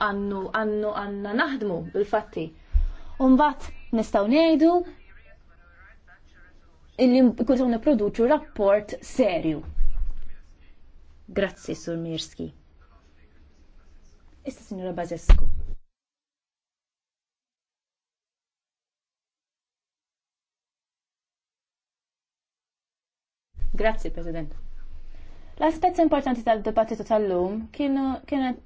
għannu għannu għanna naħdmu bil-fatti. Umbat nistaw nejdu illi kullu niproduċu rapport serju. Grazzi, Sur Mirski. Issa, Signora Bazescu. Grazzi, President. L-aspett importanti tal-dibattitu tal-lum kienet